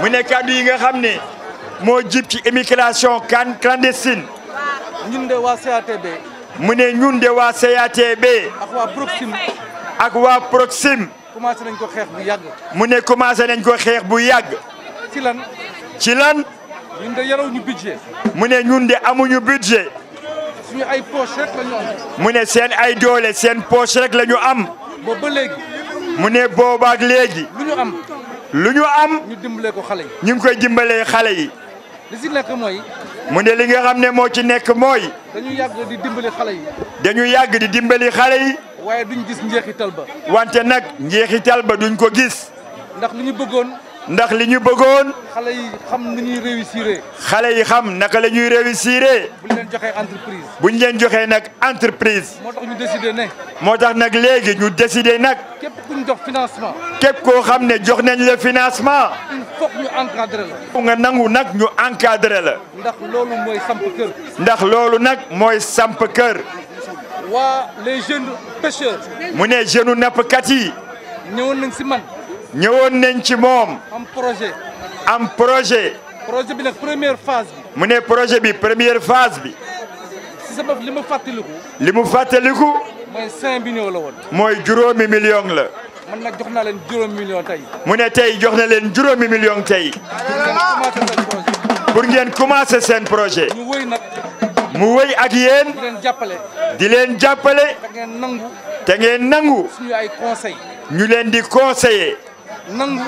mu ne kàddu yi nga xam ne moo jib ci émigration can clandestine. ñun de waa CATB. mu ne ñun waa CATB. ak waa Proxim. ak waa Proxim. commencé nañ ko xeex yàgg. mu ne commencé nañ ko xeex bu yàgg. ci lan. ci lan. mu ne ñun amuñu budget. suñu ay poche rek mu ne seen ay doole seen poche rek la ñu am. boobu ba léegi. mu ne boobaak léegi. lu ñu am. lu ñu am. ñu dimbalee ko xale yi. ñu ngi koy dimbalee xale yi. li si nekk mooy. mu ne li nga xam ne moo ci nekk mooy. dañu yàgg di dimbali xale yi. dañu yàgg di dimbali xale yi. waaye duñ gis njeexital ba. wante nag njeexital ba duñ ko gis. ndax li ñu bëggoon. ndax li ñu bëggoon. xale yi xam ni ñuy xale yi xam naka la ñuy réussir. buñ leen joxee entreprise. buñ leen joxee nag entreprise. moo tax ñu décidé ne. moo tax nag léegi ñu décidé nag. képp ku ñu jox financement. képp koo xam ne jox nañ la financement. il faut ñu encadré la. nga nangu nag ñu encadré la. ndax loolu mooy samp kër. ndax loolu nag mooy samp kër. waa le jeunes pêcheurs. mu ne jeunes nappkat yi. ñëwoon nañ si man. ñëwoon nañ ci moom. am projet. am projet. projet bi nag première phase bi. mu ne projet bi première phase bi. si sabab li mu fàttaliku. li mu fàttaliku. mooy 5 millions la woon. mooy juróomi million la. man nag jox naa leen juróomi million tey. mu ne tey jox na leen juróomi million tey. pour ngeen commencé seen projet. ñu wëy nag. mu wëy ak yéen. di leen jàppale. di leen jàppale. te ngeen nangu. te ngeen nangu. suñu ay conseil ñu leen di conseiller. nangu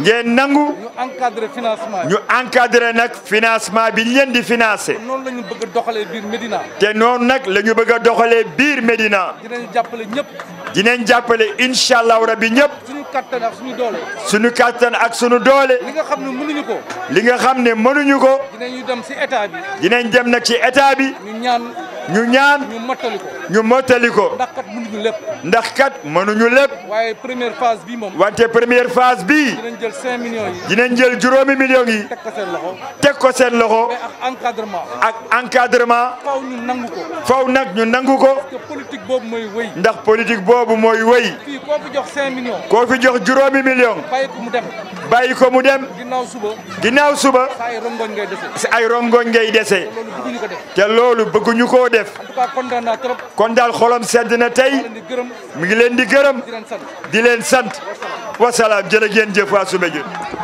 ngeen nangu. ñu encadré financement ñu encadré nag financement bi ñu leen di financé. noonu la ñu bëgg a doxalee biir Medina. te noonu nag la ñu bëgg a doxalee biir Medina. dinañ jàppale ñëpp. dinañ jàppale incha allahu rabi ñëpp. suñu kattan ak suñu doole. suñu kattan ak suñu doole. li nga xam ne mënuñu ko. li nga xam ne mënuñu ko. dinañu dem si état bi. nag ci état bi. ñu ñaan ñu mottali ko ñu mottali ko ndax kat lépp ndax kat mënuñu lépp waaye première phase bi moom wante première phase bi dinañ jël cinq dinañ jël juróomi millions yi teg ko seen loxo teg ko seen loxo ak encadrement ak encadrement faw ñu nag ñu nangu ko parce boobu mooy wëy ndax politique boobu mooy wëy fii koo fi jox cinq koo fi jox juróomi million bàyyi ko mu dem bàyyi ko mu dem. ginnaaw suba. ginnaaw suba. sa ay rongoñ ngay dese. sa ay rongoñ ngay dese. te loolu ñu koo def. kontaan naa trop. kon daal xolam sedd na tey. mu ngi leen di gërëm. di leen sant. wasalaam jërë ngeen jëf waa Soumbédioune